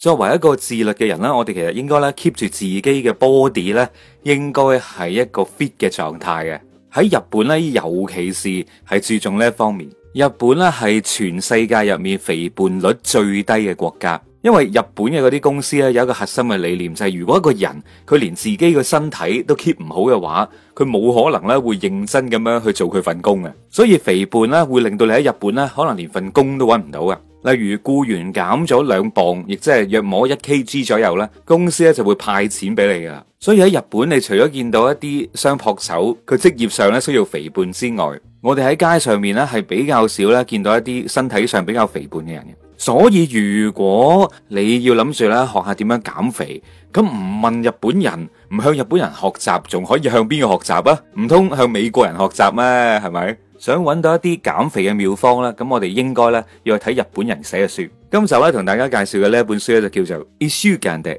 作為一個自律嘅人啦，我哋其實應該咧 keep 住自己嘅 body 咧，應該係一個 fit 嘅狀態嘅。喺日本咧，尤其是係注重呢一方面。日本咧係全世界入面肥胖率最低嘅國家，因為日本嘅嗰啲公司咧有一個核心嘅理念，就係、是、如果一個人佢連自己個身體都 keep 唔好嘅話，佢冇可能咧會認真咁樣去做佢份工嘅。所以肥胖咧會令到你喺日本咧可能連份工都揾唔到啊。例如僱員減咗兩磅，亦即係約摸一 kg 左右咧，公司咧就會派錢俾你噶啦。所以喺日本，你除咗見到一啲相撲手，佢職業上咧需要肥胖之外，我哋喺街上面咧係比較少咧見到一啲身體上比較肥胖嘅人嘅。所以如果你要諗住咧學下點樣減肥，咁唔問日本人，唔向日本人學習，仲可以向邊個學習啊？唔通向美國人學習咩？係咪？想揾到一啲減肥嘅妙方啦，咁我哋應該咧要去睇日本人寫嘅書。今集咧同大家介紹嘅呢一本書咧就叫做《Issue Garden》。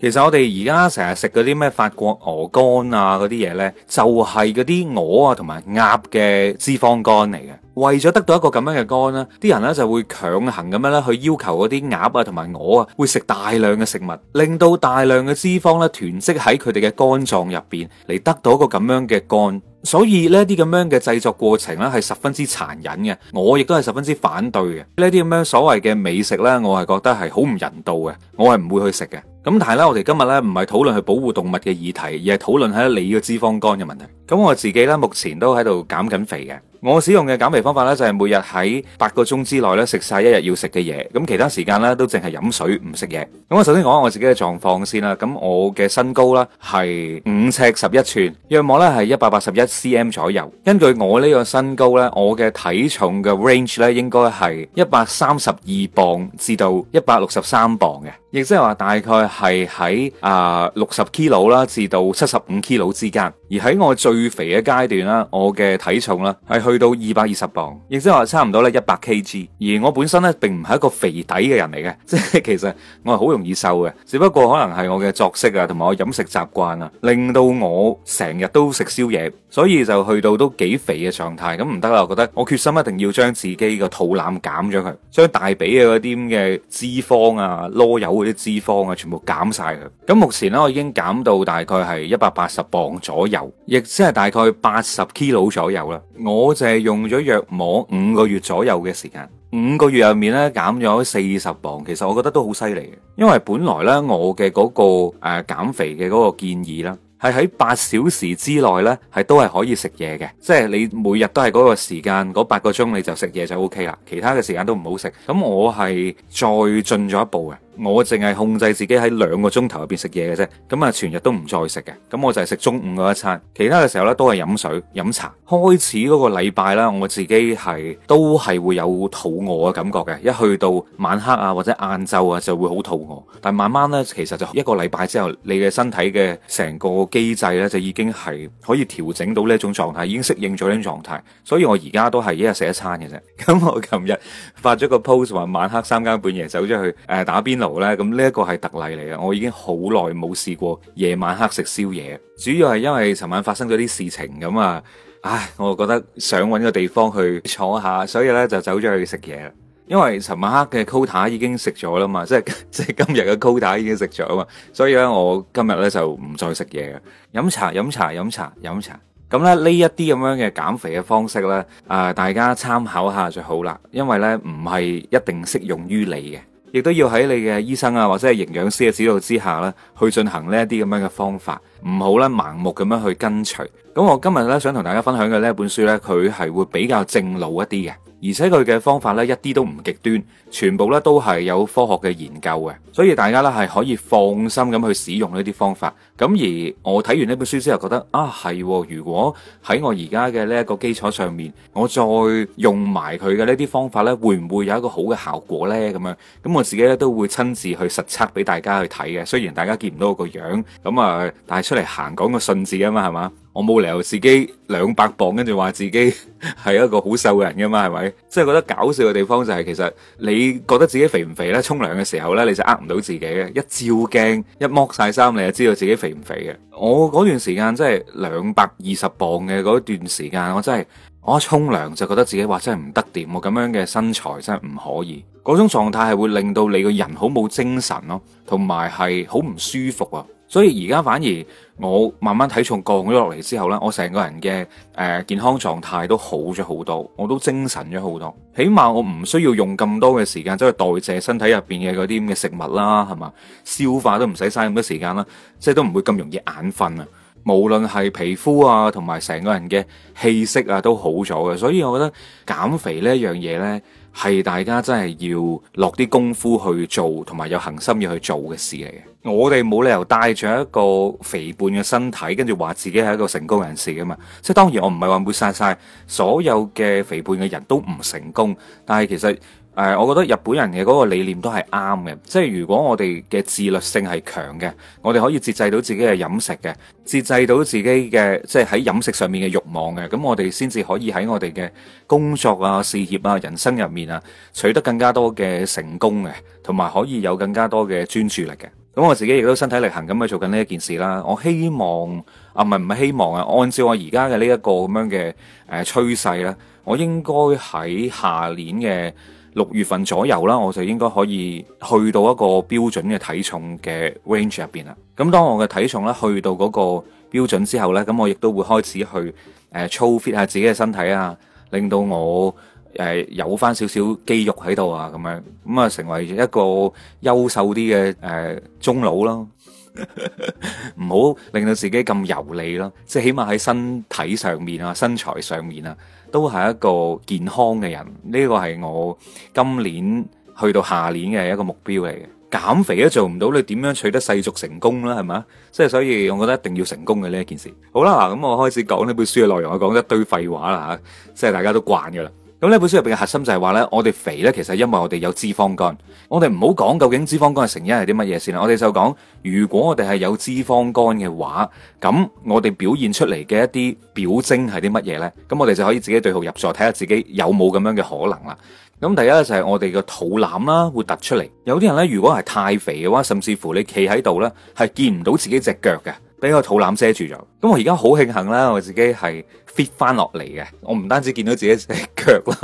其實我哋而家成日食嗰啲咩法國鵝肝啊，嗰啲嘢呢，就係嗰啲鵝啊同埋鴨嘅脂肪肝嚟嘅。為咗得到一個咁樣嘅肝呢，啲人呢就會強行咁樣咧去要求嗰啲鴨啊同埋鵝啊會食大量嘅食物，令到大量嘅脂肪咧囤積喺佢哋嘅肝臟入邊，嚟得到一個咁樣嘅肝。所以呢啲咁樣嘅製作過程呢，係十分之殘忍嘅，我亦都係十分之反對嘅。呢啲咁樣所謂嘅美食呢，我係覺得係好唔人道嘅，我係唔會去食嘅。咁但係咧，我哋今日咧唔係討論去保護動物嘅議題，而係討論喺你嘅脂肪肝嘅問題。咁我自己咧，目前都喺度減緊肥嘅。我使用嘅減肥方法咧，就係每日喺八個鐘之內咧食晒一日要食嘅嘢，咁其他時間咧都淨係飲水唔食嘢。咁我首先講下我自己嘅狀況先啦。咁我嘅身高咧係五尺十一吋，約莫咧係一百八十一 cm 左右。根據我呢個身高咧，我嘅體重嘅 range 咧應該係一百三十二磅至到一百六十三磅嘅，亦即係話大概係喺啊六十 kilo 啦至到七十五 kilo 之間。而喺我最肥嘅階段啦，我嘅體重啦係去。去到二百二十磅，亦即係話差唔多咧一百 kg。而我本身咧並唔係一個肥底嘅人嚟嘅，即係其實我係好容易瘦嘅，只不過可能係我嘅作息啊，同埋我飲食習慣啊，令到我成日都食宵夜，所以就去到都幾肥嘅狀態。咁唔得啦，我覺得我決心一定要將自己個肚腩減咗佢，將大髀嘅嗰啲咁嘅脂肪啊、囉柚嗰啲脂肪啊，全部減晒佢。咁目前呢，我已經減到大概係一百八十磅左右，亦即係大概八十 kg 左右啦。我就係用咗約莫五個月左右嘅時間，五個月入面咧減咗四十磅，其實我覺得都好犀利嘅。因為本來咧我嘅嗰、那個誒、呃、減肥嘅嗰個建議啦，係喺八小時之內咧係都係可以食嘢嘅，即係你每日都係嗰個時間嗰八個鐘你就食嘢就 O K 啦，其他嘅時間都唔好食。咁我係再進咗一步嘅。我淨係控制自己喺兩個鐘頭入邊食嘢嘅啫，咁啊，全日都唔再食嘅，咁我就係食中午嗰一餐，其他嘅時候呢，都係飲水、飲茶。開始嗰個禮拜啦，我自己係都係會有肚餓嘅感覺嘅，一去到晚黑啊或者晏晝啊就會好肚餓。但慢慢呢，其實就一個禮拜之後，你嘅身體嘅成個機制呢，就已經係可以調整到呢一種狀態，已經適應咗呢種狀態。所以我而家都係一日食一餐嘅啫。咁我琴日發咗個 post 話晚黑三更半夜走咗去誒、呃、打邊爐。咁呢一個係特例嚟嘅，我已經好耐冇試過夜晚黑食宵夜，主要係因為尋晚發生咗啲事情咁啊，唉，我覺得想搵個地方去坐下，所以呢就走咗去食嘢。因為尋晚黑嘅 quota 已經食咗啦嘛，即係即係今日嘅 quota 已經食咗啊嘛，所以呢，我今日呢就唔再食嘢，飲茶飲茶飲茶飲茶。咁咧呢一啲咁樣嘅減肥嘅方式呢，啊、呃、大家參考下就好啦，因為呢唔係一定適用於你嘅。亦都要喺你嘅醫生啊，或者係營養師嘅指導之下咧，去進行呢一啲咁樣嘅方法，唔好咧盲目咁樣去跟隨。咁我今日咧想同大家分享嘅呢一本書咧，佢係會比較正路一啲嘅。而且佢嘅方法呢，一啲都唔極端，全部呢都係有科學嘅研究嘅，所以大家呢係可以放心咁去使用呢啲方法。咁而我睇完呢本書之後覺得啊係、哦，如果喺我而家嘅呢一個基礎上面，我再用埋佢嘅呢啲方法呢，會唔會有一個好嘅效果呢？咁樣咁我自己呢，都會親自去實測俾大家去睇嘅。雖然大家見唔到我個樣，咁啊但係出嚟行講個信字啊嘛，係嘛？我冇理由自己兩百磅，跟住話自己係一個好瘦嘅人噶嘛，係咪？即係覺得搞笑嘅地方就係，其實你覺得自己肥唔肥呢？沖涼嘅時候呢，你就呃唔到自己嘅。一照鏡，一剝晒衫，你就知道自己肥唔肥嘅。我嗰段時間真係兩百二十磅嘅嗰段時間，我真係我一沖涼就覺得自己話真係唔得掂，我咁樣嘅身材真係唔可以。嗰種狀態係會令到你個人好冇精神咯，同埋係好唔舒服啊！所以而家反而我慢慢體重降咗落嚟之後，呢我成個人嘅誒、呃、健康狀態都好咗好多，我都精神咗好多。起碼我唔需要用咁多嘅時間走去代謝身體入邊嘅嗰啲咁嘅食物啦，係嘛？消化都唔使嘥咁多時間啦，即係都唔會咁容易眼瞓啊。無論係皮膚啊，同埋成個人嘅氣息啊，都好咗嘅。所以我覺得減肥呢一樣嘢呢。係大家真係要落啲功夫去做，同埋有恒心要去做嘅事嚟嘅。我哋冇理由帶住一個肥胖嘅身體，跟住話自己係一個成功人士噶嘛。即係當然我，我唔係話會晒晒所有嘅肥胖嘅人都唔成功，但係其實。誒，我覺得日本人嘅嗰個理念都係啱嘅，即係如果我哋嘅自律性係強嘅，我哋可以節制到自己嘅飲食嘅，節制到自己嘅即係喺飲食上面嘅慾望嘅，咁我哋先至可以喺我哋嘅工作啊、事業啊、人生入面啊取得更加多嘅成功嘅，同埋可以有更加多嘅專注力嘅。咁我自己亦都身體力行咁去做緊呢一件事啦。我希望啊，唔係唔係希望啊，按照我而家嘅呢一個咁樣嘅誒趨勢啦，我應該喺下年嘅。六月份左右啦，我就應該可以去到一個標準嘅體重嘅 range 入邊啦。咁當我嘅體重呢去到嗰個標準之後呢，咁我亦都會開始去誒、呃、操 fit 下自己嘅身體啊，令到我誒、呃、有翻少少肌肉喺度啊，咁樣咁啊成為一個優秀啲嘅誒中老咯。唔好 令到自己咁油膩啦，即係起碼喺身體上面啊、身材上面啊，都係一個健康嘅人。呢個係我今年去到下年嘅一個目標嚟嘅。減肥都做唔到，你點樣取得世俗成功啦？係咪？即係所以我覺得一定要成功嘅呢一件事。好啦，咁我開始講呢本書嘅內容，我講一堆廢話啦吓，即係大家都慣噶啦。咁呢本書入邊嘅核心就係話呢，我哋肥呢，其實因為我哋有脂肪肝。我哋唔好講究竟脂肪肝嘅成因係啲乜嘢先啦，我哋就講如果我哋係有脂肪肝嘅話，咁我哋表現出嚟嘅一啲表徵係啲乜嘢呢？咁我哋就可以自己對號入座，睇下自己有冇咁樣嘅可能啦。咁第一就係我哋個肚腩啦，啊，會突出嚟，有啲人呢，如果係太肥嘅話，甚至乎你企喺度呢，係見唔到自己隻腳嘅。俾個肚腩遮住咗，咁我而家好慶幸啦！我自己係 fit 翻落嚟嘅，我唔單止見到自己隻腳啦，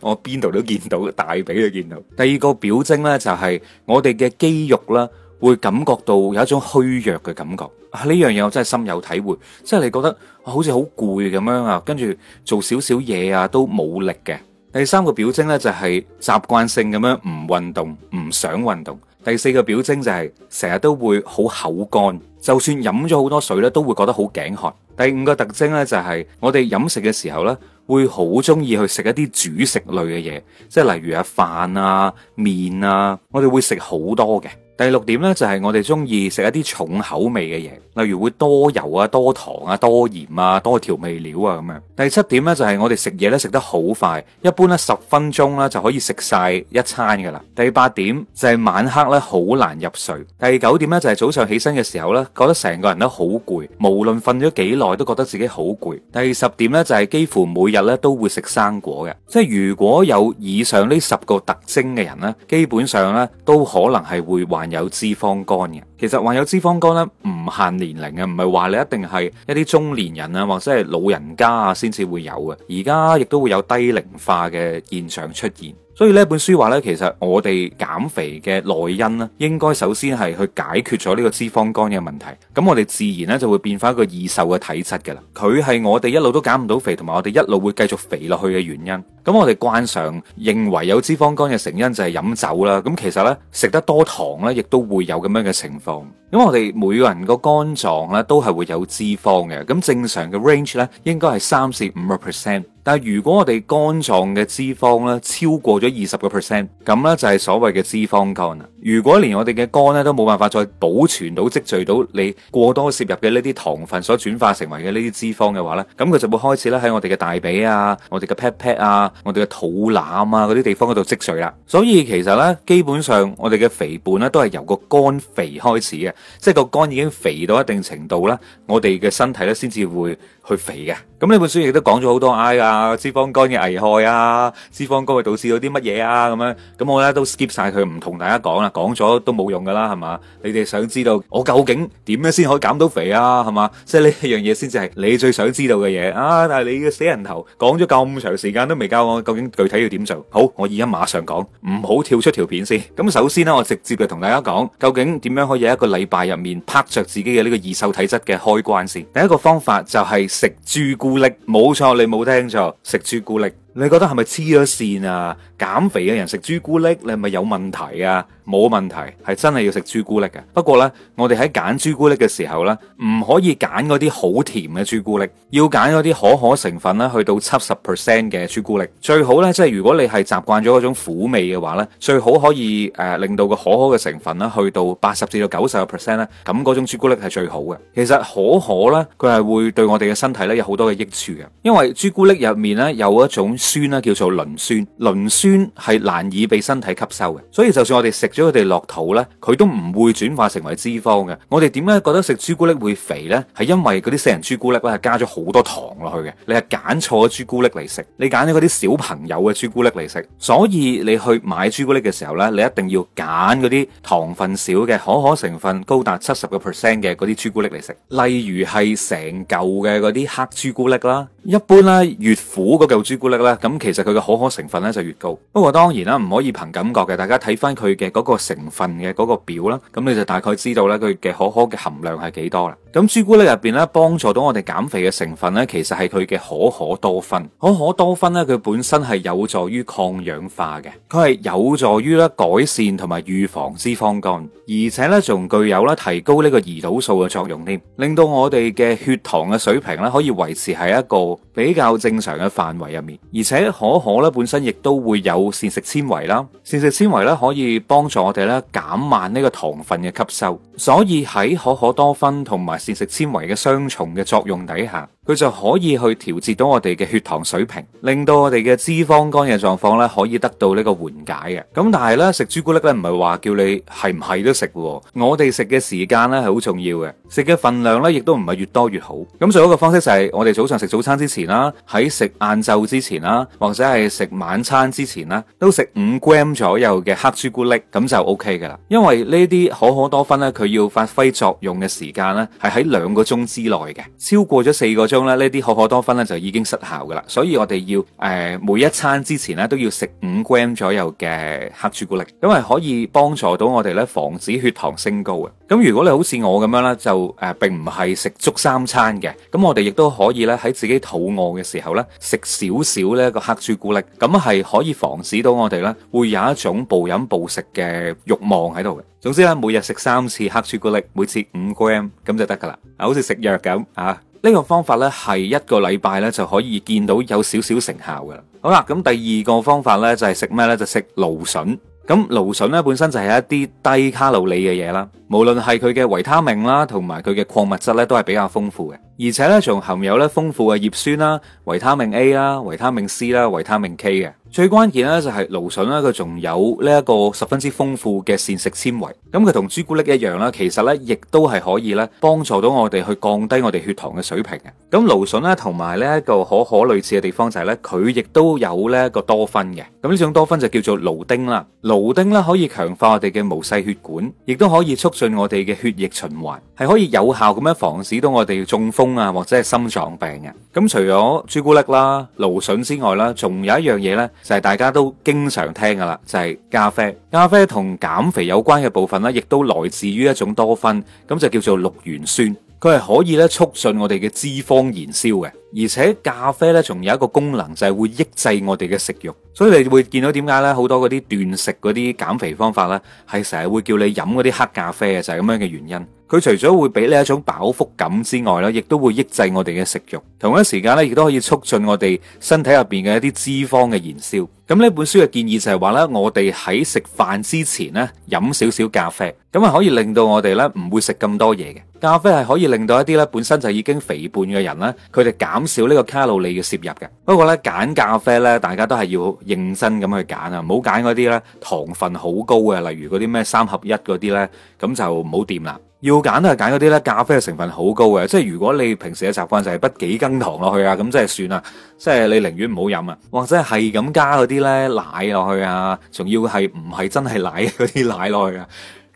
我邊度都見到大髀都見到。第二個表徵呢，就係、是、我哋嘅肌肉喇，會感覺到有一種虛弱嘅感覺，呢樣嘢我真係深有體會，即係你覺得好似好攰咁樣啊，跟住、啊、做少少嘢啊都冇力嘅。第三個表徵呢，就係、是、習慣性咁樣唔運動，唔想運動。第四個表徵就係成日都會好口乾。就算飲咗好多水咧，都會覺得好頸渴。第五個特徵咧、就係，就係我哋飲食嘅時候咧，會好中意去食一啲主食類嘅嘢，即係例如啊飯啊、麵啊，我哋會食好多嘅。第六點咧就係我哋中意食一啲重口味嘅嘢，例如會多油啊、多糖啊、多鹽啊、多調味料啊咁樣。第七點咧就係我哋食嘢咧食得好快，一般咧十分鐘咧就可以食晒一餐㗎喇。第八點就係晚黑咧好難入睡。第九點咧就係早上起身嘅時候咧覺得成個人都好攰，無論瞓咗幾耐都覺得自己好攰。第十點咧就係幾乎每日咧都會食生果嘅，即係如果有以上呢十個特徵嘅人咧，基本上咧都可能係會患有脂肪肝嘅，其實患有脂肪肝咧，唔限年齡嘅，唔係話你一定係一啲中年人啊，或者係老人家啊，先至會有嘅。而家亦都會有低齡化嘅現象出現。所以呢本書話呢，其實我哋減肥嘅內因咧，應該首先係去解決咗呢個脂肪肝嘅問題。咁我哋自然呢就會變翻一個易瘦嘅體質嘅啦。佢係我哋一路都減唔到肥，同埋我哋一路會繼續肥落去嘅原因。咁我哋慣常認為有脂肪肝嘅成因就係飲酒啦。咁其實呢，食得多糖呢亦都會有咁樣嘅情況。咁我哋每個人個肝臟呢都係會有脂肪嘅。咁正常嘅 range 呢應該係三四五個 percent。但如果我哋肝臟嘅脂肪咧超過咗二十個 percent，咁咧就係所謂嘅脂肪肝啦。如果連我哋嘅肝咧都冇辦法再保存到，積聚到你過多攝入嘅呢啲糖分所轉化成為嘅呢啲脂肪嘅話咧，咁佢就會開始咧喺我哋嘅大髀啊，我哋嘅 pat pat 啊，我哋嘅肚腩啊嗰啲地方嗰度積聚啦。所以其實咧，基本上我哋嘅肥胖咧都係由個肝肥開始嘅，即係個肝已經肥到一定程度啦，我哋嘅身體咧先至會。去肥嘅，咁呢本書亦都講咗好多 I 啊，脂肪肝嘅危害啊，脂肪肝會導致到啲乜嘢啊，咁樣，咁我咧都 skip 晒佢，唔同大家講啦，講咗都冇用噶啦，係嘛？你哋想知道我究竟點樣先可以減到肥啊，係嘛？即係呢樣嘢先至係你最想知道嘅嘢啊！但係你嘅死人頭講咗咁長時間都未教我究竟具體要點做，好，我而家馬上講，唔好跳出條片先。咁首先呢，我直接嘅同大家講，究竟點樣可以喺一個禮拜入面拍著自己嘅呢個易瘦體質嘅開關先。第一個方法就係。食朱古力，冇錯，你冇聽錯，食朱古力。你覺得係咪黐咗線啊？減肥嘅人食朱古力，你係咪有問題啊？冇問題，係真係要食朱古力嘅。不過呢，我哋喺揀朱古力嘅時候呢，唔可以揀嗰啲好甜嘅朱古力，要揀嗰啲可可成分咧去到七十 percent 嘅朱古力。最好呢，即係如果你係習慣咗嗰種苦味嘅話呢，最好可以誒、呃、令到個可可嘅成分咧去到八十至到九十個 percent 咧，咁嗰種朱古力係最好嘅。其實可可呢，佢係會對我哋嘅身體呢有好多嘅益處嘅，因為朱古力入面呢有一種。酸咧叫做磷酸，磷酸係難以被身體吸收嘅，所以就算我哋食咗佢哋落肚咧，佢都唔會轉化成為脂肪嘅。我哋點解覺得食朱古力會肥咧？係因為嗰啲成人朱古力咧係加咗好多糖落去嘅。你係揀錯咗朱古力嚟食，你揀咗嗰啲小朋友嘅朱古力嚟食，所以你去買朱古力嘅時候咧，你一定要揀嗰啲糖分少嘅可可成分高達七十個 percent 嘅嗰啲朱古力嚟食，例如係成舊嘅嗰啲黑朱古力啦，一般啦越苦嗰舊朱古力咁其實佢嘅可可成分咧就越高，不過當然啦唔可以憑感覺嘅，大家睇翻佢嘅嗰個成分嘅嗰個表啦，咁你就大概知道咧佢嘅可可嘅含量係幾多啦。咁朱古力入邊咧幫助到我哋減肥嘅成分咧，其實係佢嘅可可多酚。可可多酚咧，佢本身係有助於抗氧化嘅，佢係有助於咧改善同埋預防脂肪肝，而且咧仲具有咧提高呢個胰島素嘅作用添，令到我哋嘅血糖嘅水平咧可以維持喺一個比較正常嘅範圍入面。而且可可咧本身亦都會有膳食纖維啦，膳食纖維咧可以幫助我哋咧減慢呢個糖分嘅吸收，所以喺可可多酚同埋膳食纖維嘅雙重嘅作用底下，佢就可以去調節到我哋嘅血糖水平，令到我哋嘅脂肪肝嘅狀況呢可以得到呢個緩解嘅。咁但係呢，食朱古力呢唔係話叫你係唔係都食，我哋食嘅時間呢係好重要嘅，食嘅份量呢亦都唔係越多越好。咁最好嘅方式就係、是、我哋早上食早餐之前啦，喺食晏晝之前啦，或者係食晚餐之前啦，都食五 gram 左右嘅黑朱古力，咁就 OK 噶啦。因為呢啲可可多酚呢，佢要發揮作用嘅時間呢係喺兩個鐘之內嘅，超過咗四個鐘啦，呢啲可可多酚咧就已經失效噶啦，所以我哋要誒、呃、每一餐之前咧都要食五 gram 左右嘅黑朱古力，因為可以幫助到我哋咧防止血糖升高嘅。咁、嗯、如果你好似我咁樣咧，就誒、呃、並唔係食足三餐嘅，咁、嗯、我哋亦都可以咧喺自己肚餓嘅時候咧食少少呢個黑朱古力，咁係可以防止到我哋咧會有一種暴飲暴食嘅欲望喺度嘅。總之咧，每日食三次黑朱古力，每次五 gram 咁就得噶啦，好似食藥咁啊。呢個方法呢，係一個禮拜呢就可以見到有少少成效㗎啦。好啦，咁第二個方法呢，就係食咩呢？就食蘆筍。咁蘆筍呢，本身就係一啲低卡路里嘅嘢啦。無論係佢嘅維他命啦，同埋佢嘅礦物質呢，都係比較豐富嘅。而且呢，仲含有呢豐富嘅葉酸啦、維他命 A 啦、維他命 C 啦、維他命 K 嘅。最關鍵咧就係蘆筍咧，佢仲有呢一個十分之豐富嘅膳食纖維。咁佢同朱古力一樣啦，其實咧亦都係可以咧幫助到我哋去降低我哋血糖嘅水平嘅。咁蘆筍咧同埋呢一個可可類似嘅地方就係咧，佢亦都有呢一個多酚嘅。咁呢種多酚就叫做蘆丁啦。蘆丁咧可以強化我哋嘅毛細血管，亦都可以促進我哋嘅血液循環，係可以有效咁樣防止到我哋中風啊或者係心臟病嘅。咁除咗朱古力啦、蘆筍之外啦，仲有一樣嘢咧。就係大家都經常聽噶啦，就係、是、咖啡。咖啡同減肥有關嘅部分呢，亦都來自於一種多酚，咁就叫做綠原酸。佢係可以咧促進我哋嘅脂肪燃燒嘅。而且咖啡咧，仲有一個功能就係會抑制我哋嘅食慾，所以你會見到點解咧，好多嗰啲斷食嗰啲減肥方法咧，係成日會叫你飲嗰啲黑咖啡嘅，就係咁樣嘅原因。佢除咗會俾你一種飽腹感之外咧，亦都會抑制我哋嘅食慾，同一時間咧，亦都可以促進我哋身體入邊嘅一啲脂肪嘅燃燒。咁呢本書嘅建議就係話咧，我哋喺食飯之前咧飲少少咖啡，咁啊可以令到我哋咧唔會食咁多嘢嘅。咖啡係可以令到一啲咧本身就已經肥胖嘅人咧，佢哋減。減少呢個卡路里嘅攝入嘅，不過咧揀咖啡咧，大家都係要認真咁去揀啊，唔好揀嗰啲咧糖分好高嘅，例如嗰啲咩三合一嗰啲咧，咁就唔好掂啦。要揀都係揀嗰啲咧咖啡嘅成分好高嘅，即係如果你平時嘅習慣就係、就是、不幾羹糖落去啊，咁即係算啦，即係你寧願唔好飲啊，或者係咁加嗰啲咧奶落去啊，仲要係唔係真係奶嗰啲奶落去啊，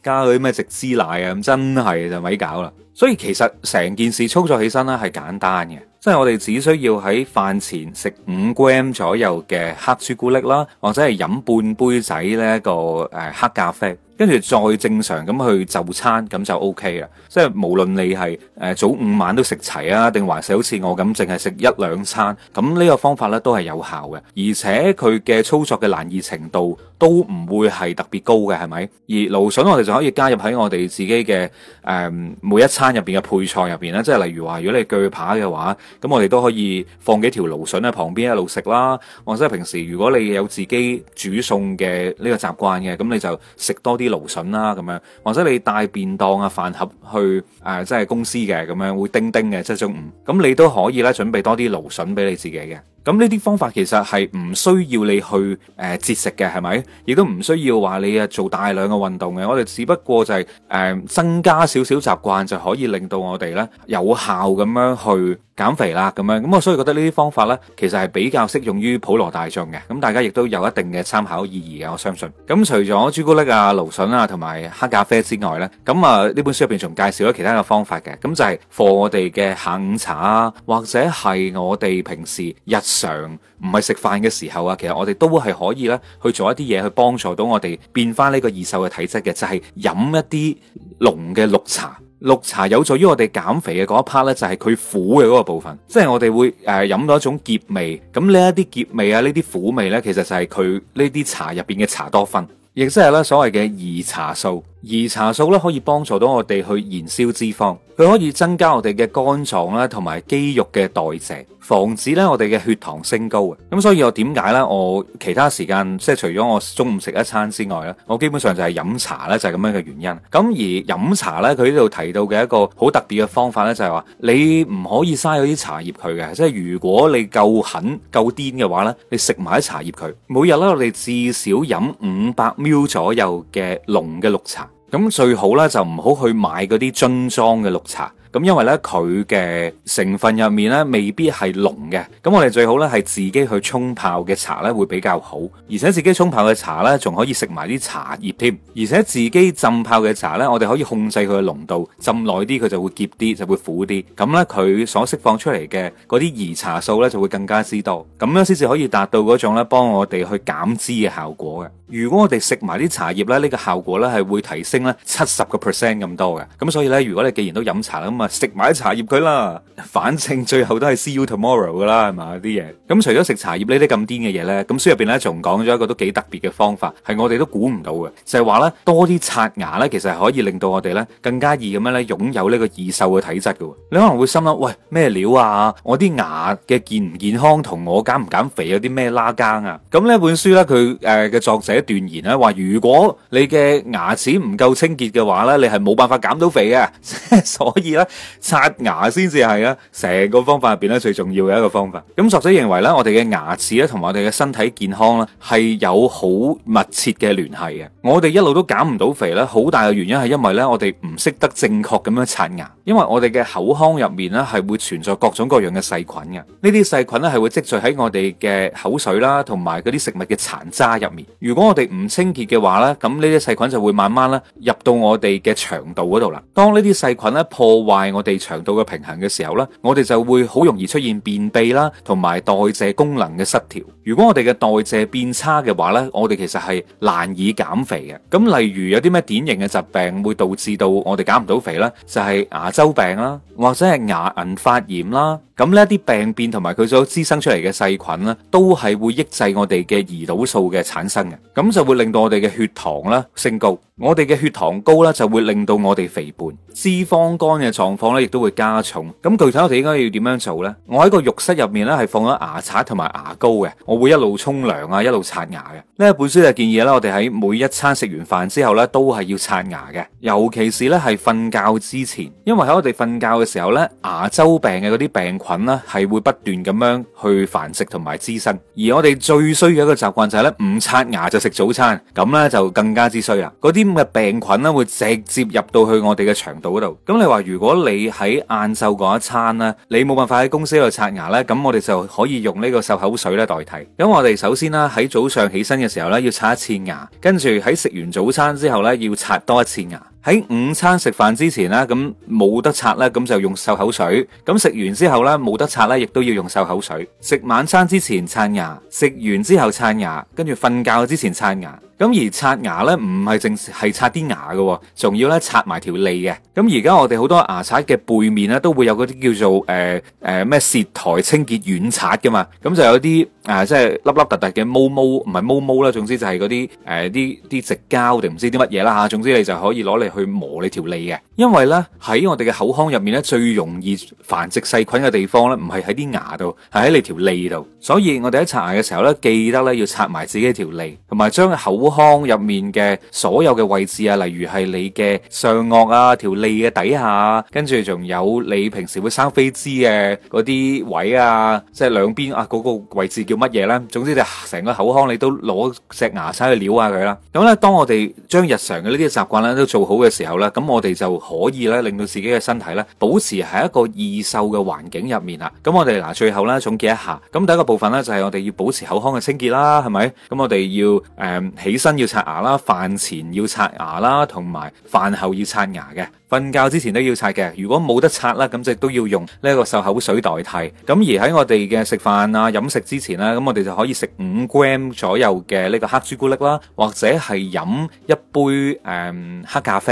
加嗰啲咩植脂奶啊，咁真係就咪搞啦。所以其實成件事操作起身咧係簡單嘅。即係我哋只需要喺飯前食五 gram 左右嘅黑朱古力啦，或者係飲半杯仔呢個誒黑咖啡。跟住再正常咁去就餐，咁就 OK 啦。即係無論你係誒、呃、早午晚都食齊啊，定還是好似我咁淨係食一兩餐，咁呢個方法咧都係有效嘅，而且佢嘅操作嘅難易程度都唔會係特別高嘅，係咪？而蘆筍我哋就可以加入喺我哋自己嘅誒、呃、每一餐入邊嘅配菜入邊咧，即係例如話，如果你鋸扒嘅話，咁我哋都可以放幾條蘆筍喺旁邊一路食啦。或者平時如果你有自己煮餸嘅呢個習慣嘅，咁你就食多啲。蘆筍啦，咁樣或者你帶便當啊飯盒去誒、啊，即係公司嘅，咁樣會叮叮嘅，即係中午，咁你都可以咧準備多啲蘆筍俾你自己嘅。咁呢啲方法其實係唔需要你去誒、呃、節食嘅，係咪？亦都唔需要話你啊做大量嘅運動嘅。我哋只不過就係、是、誒、呃、增加少少習慣就可以令到我哋呢有效咁樣去減肥啦。咁樣咁我、嗯、所以覺得呢啲方法呢，其實係比較適用於普羅大眾嘅。咁、嗯、大家亦都有一定嘅參考意義嘅，我相信。咁、嗯、除咗朱古力啊、蘆筍啊同埋黑咖啡之外呢，咁、嗯、啊呢本書入邊仲介紹咗其他嘅方法嘅。咁、嗯、就係、是、放我哋嘅下午茶啊，或者係我哋平時日常唔係食飯嘅時候啊，其實我哋都係可以咧去做一啲嘢去幫助到我哋變翻呢個易瘦嘅體質嘅，就係、是、飲一啲濃嘅綠茶。綠茶有助於我哋減肥嘅嗰一 part 咧，就係、是、佢苦嘅嗰個部分，即係我哋會誒、呃、飲到一種澀味。咁呢一啲澀味啊，呢啲苦味咧，其實就係佢呢啲茶入邊嘅茶多酚，亦即係咧所謂嘅兒茶素。兒茶素咧可以幫助到我哋去燃燒脂肪。佢可以增加我哋嘅肝臟啦，同埋肌肉嘅代謝，防止咧我哋嘅血糖升高嘅。咁所以我點解呢？我其他時間即係除咗我中午食一餐之外咧，我基本上就係飲茶呢就係、是、咁樣嘅原因。咁而飲茶呢，佢呢度提到嘅一個好特別嘅方法呢、就是，就係話你唔可以嘥咗啲茶葉佢嘅，即係如果你夠狠夠癲嘅話呢，你食埋啲茶葉佢，每日呢，我哋至少飲五百 ml 左右嘅濃嘅綠茶。咁最好咧，就唔好去買嗰啲樽裝嘅綠茶。咁因為咧佢嘅成分入面咧未必係濃嘅，咁我哋最好咧係自己去沖泡嘅茶咧會比較好，而且自己沖泡嘅茶咧仲可以食埋啲茶葉添，而且自己浸泡嘅茶咧我哋可以控制佢嘅濃度，浸耐啲佢就會澀啲，就會苦啲，咁咧佢所釋放出嚟嘅嗰啲兒茶素咧就會更加之多，咁樣先至可以達到嗰種咧幫我哋去減脂嘅效果嘅。如果我哋食埋啲茶葉咧，呢個效果咧係會提升咧七十個 percent 咁多嘅，咁所以咧如果你既然都飲茶啦，食埋啲茶葉佢啦，反正最後都係 see you tomorrow 噶啦，係嘛啲嘢。咁除咗食茶葉呢啲咁癲嘅嘢呢，咁書入邊呢仲講咗一個都幾特別嘅方法，係我哋都估唔到嘅，就係話呢，多啲刷牙呢，其實係可以令到我哋呢更加易咁樣呢擁有呢個易瘦嘅體質嘅。你可能會心諗，喂咩料啊？我啲牙嘅健唔健康同我減唔減肥有啲咩拉更啊？咁呢本書呢，佢誒嘅作者斷言呢：「話，如果你嘅牙齒唔夠清潔嘅話呢，你係冇辦法減到肥嘅。 所以呢。刷牙先至係啊，成個方法入邊咧最重要嘅一個方法。咁作者認為咧，我哋嘅牙齒咧同我哋嘅身體健康咧係有好密切嘅聯繫嘅。我哋一路都減唔到肥咧，好大嘅原因係因為咧我哋唔識得正確咁樣刷牙。因為我哋嘅口腔入面咧係會存在各種各樣嘅細菌嘅，呢啲細菌咧係會積聚喺我哋嘅口水啦，同埋嗰啲食物嘅殘渣入面。如果我哋唔清潔嘅話咧，咁呢啲細菌就會慢慢咧入到我哋嘅腸道嗰度啦。當呢啲細菌咧破壞。係我哋腸道嘅平衡嘅時候咧，我哋就會好容易出現便秘啦，同埋代謝功能嘅失調。如果我哋嘅代謝變差嘅話咧，我哋其實係難以減肥嘅。咁例如有啲咩典型嘅疾病會導致到我哋減唔到肥咧，就係牙周病啦，或者係牙齦發炎啦。.咁呢啲病變同埋佢所滋生出嚟嘅細菌呢，都係會抑制我哋嘅胰島素嘅產生嘅，咁就會令到我哋嘅血糖咧升高，我哋嘅血糖高咧就會令到我哋肥胖、脂肪肝嘅狀況呢，亦都會加重。咁、嗯、具體我哋應該要點樣做呢？我喺個浴室入面呢，係放咗牙刷同埋牙膏嘅，我會一路沖涼啊，一路刷牙嘅。呢一本書就建議啦，我哋喺每一餐食完飯之後呢，都係要刷牙嘅，尤其是呢，係瞓覺之前，因為喺我哋瞓覺嘅時候呢，牙周病嘅嗰啲病。菌呢係會不斷咁樣去繁殖，同埋滋生，而我哋最衰嘅一個習慣就係咧唔刷牙就食早餐，咁呢就更加之衰啊！嗰啲咁嘅病菌呢會直接入到去我哋嘅腸道嗰度。咁你話如果你喺晏晝嗰一餐呢，你冇辦法喺公司度刷牙呢，咁我哋就可以用呢個漱口水咧代替。咁我哋首先啦，喺早上起身嘅時候呢，要刷一次牙，跟住喺食完早餐之後呢，要刷多一次牙。喺午餐食飯之前咧，咁冇得刷咧，咁就用漱口水。咁食完之後呢，冇得刷呢，亦都要用漱口水。食晚餐之前刷牙，食完之後刷牙，跟住瞓覺之前刷牙。咁而刷牙呢，唔係淨係刷啲牙噶，仲要呢，刷埋條脷嘅。咁而家我哋好多牙刷嘅背面呢，都會有嗰啲叫做誒誒咩舌苔清潔軟刷噶嘛。咁就有啲啊、呃，即係粒粒突突嘅毛毛，唔係毛毛啦，總之就係嗰啲誒啲啲直膠定唔知啲乜嘢啦吓。總之你就可以攞嚟。去磨你條脷嘅，因為呢，喺我哋嘅口腔入面呢，最容易繁殖細菌嘅地方呢，唔係喺啲牙度，係喺你條脷度。所以我哋喺刷牙嘅時候呢，記得呢，要刷埋自己條脷，同埋將口腔入面嘅所有嘅位置啊，例如係你嘅上顎啊，條脷嘅底下，跟住仲有你平時會生飛滋嘅嗰啲位啊，即係兩邊啊嗰個位置叫乜嘢呢？總之你成，啊、個口腔你都攞隻牙刷去撩下佢啦。咁呢，當我哋將日常嘅呢啲習慣呢，都做好。嘅時候咧，咁我哋就可以咧，令到自己嘅身體咧，保持喺一個易瘦嘅環境入面啊！咁我哋嗱，最後啦，總結一下，咁第一個部分咧就係我哋要保持口腔嘅清潔啦，係咪？咁我哋要誒、嗯、起身要刷牙啦，飯前要刷牙啦，同埋飯後要刷牙嘅，瞓覺之前都要刷嘅。如果冇得刷啦，咁亦都要用呢一個漱口水代替。咁而喺我哋嘅食飯啊、飲食之前咧，咁我哋就可以食五 gram 左右嘅呢個黑朱古力啦，或者係飲一杯誒、嗯、黑咖啡。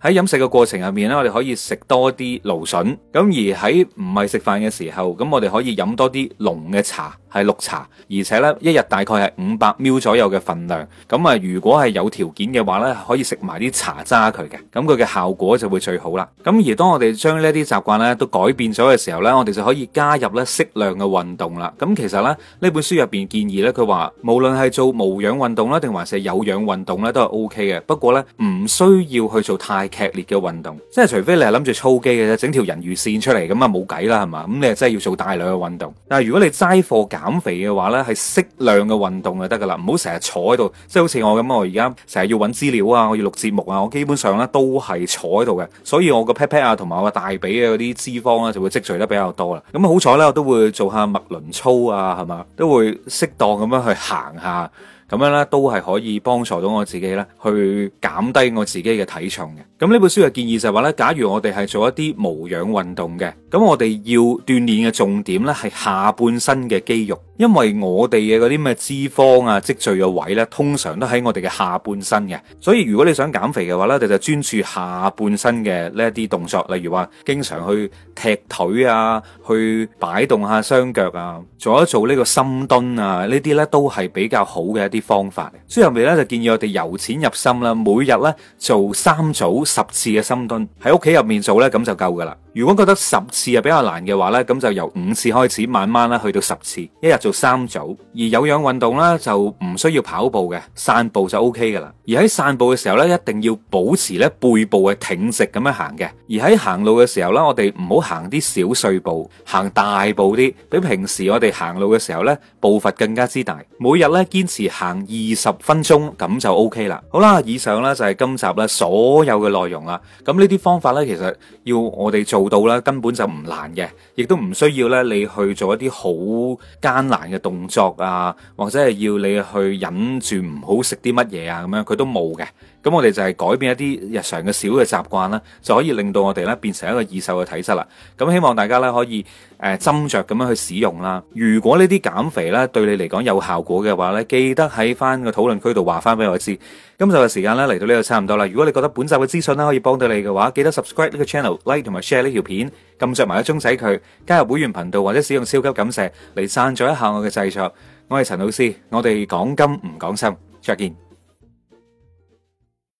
喺飲食嘅過程入面咧，我哋可以食多啲蘆筍，咁而喺唔係食飯嘅時候，咁我哋可以飲多啲濃嘅茶，係綠茶，而且呢，一日大概係五百 ml 左右嘅份量。咁啊，如果係有條件嘅話呢，可以食埋啲茶渣佢嘅，咁佢嘅效果就會最好啦。咁而當我哋將呢啲習慣呢都改變咗嘅時候呢，我哋就可以加入呢適量嘅運動啦。咁其實呢，呢本書入邊建議呢，佢話無論係做無氧運動啦，定還是有氧運動呢，都係 OK 嘅。不過呢，唔需要去做太劇烈嘅運動，即係除非你係諗住操肌嘅啫，整條人魚線出嚟咁啊，冇計啦，係嘛，咁、嗯、你啊真係要做大量嘅運動。但係如果你齋貨減肥嘅話呢，係適量嘅運動就得噶啦，唔好成日坐喺度，即係好似我咁，我而家成日要揾資料啊，我要錄節目啊，我基本上呢都係坐喺度嘅，所以我個 pat pat 啊，同埋我大髀啊嗰啲脂肪啊就會積聚得比較多啦。咁、嗯、好彩呢，我都會做下麥輪操啊，係嘛，都會適當咁樣去行下。咁樣咧，都係可以幫助到我自己咧，去減低我自己嘅體重嘅。咁呢本書嘅建議就係話呢，假如我哋係做一啲無氧運動嘅，咁我哋要鍛煉嘅重點呢係下半身嘅肌肉，因為我哋嘅嗰啲咩脂肪啊積聚嘅位呢，通常都喺我哋嘅下半身嘅。所以如果你想減肥嘅話呢，你就專注下半身嘅呢一啲動作，例如話經常去踢腿啊，去擺動下雙腳啊，做一做呢個深蹲啊，呢啲呢都係比較好嘅一啲方法，所以入面咧就建議我哋由淺入深啦，每日咧做三組十次嘅深蹲，喺屋企入面做咧咁就夠噶啦。如果覺得十次又比較難嘅話呢，咁就由五次開始，慢慢咧去到十次，一日做三組。而有氧運動呢，就唔需要跑步嘅，散步就 OK 噶啦。而喺散步嘅時候呢，一定要保持咧背部嘅挺直咁樣行嘅。而喺行路嘅時候呢，我哋唔好行啲小碎步，行大步啲，比平時我哋行路嘅時候呢，步伐更加之大。每日呢，堅持行二十分鐘咁就 OK 啦。好啦，以上呢就係今集咧所有嘅內容啦。咁呢啲方法呢，其實要我哋做到啦，根本就唔難嘅，亦都唔需要咧，你去做一啲好艱難嘅動作啊，或者係要你去忍住唔好食啲乜嘢啊，咁樣佢都冇嘅。咁我哋就係改變一啲日常嘅小嘅習慣啦，就可以令到我哋咧變成一個易瘦嘅體質啦。咁希望大家咧可以誒斟酌咁樣去使用啦。如果呢啲減肥咧對你嚟講有效果嘅話咧，記得喺翻個討論區度話翻俾我知。今集嘅時間咧嚟到呢度差唔多啦。如果你覺得本集嘅資訊咧可以幫到你嘅話，記得 subscribe 呢個 channel、like 同埋 share 呢條片，撳著埋個鐘仔佢，加入會員頻道或者使用超級感謝嚟贊助一下我嘅製作。我係陳老師，我哋講金唔講心，再見。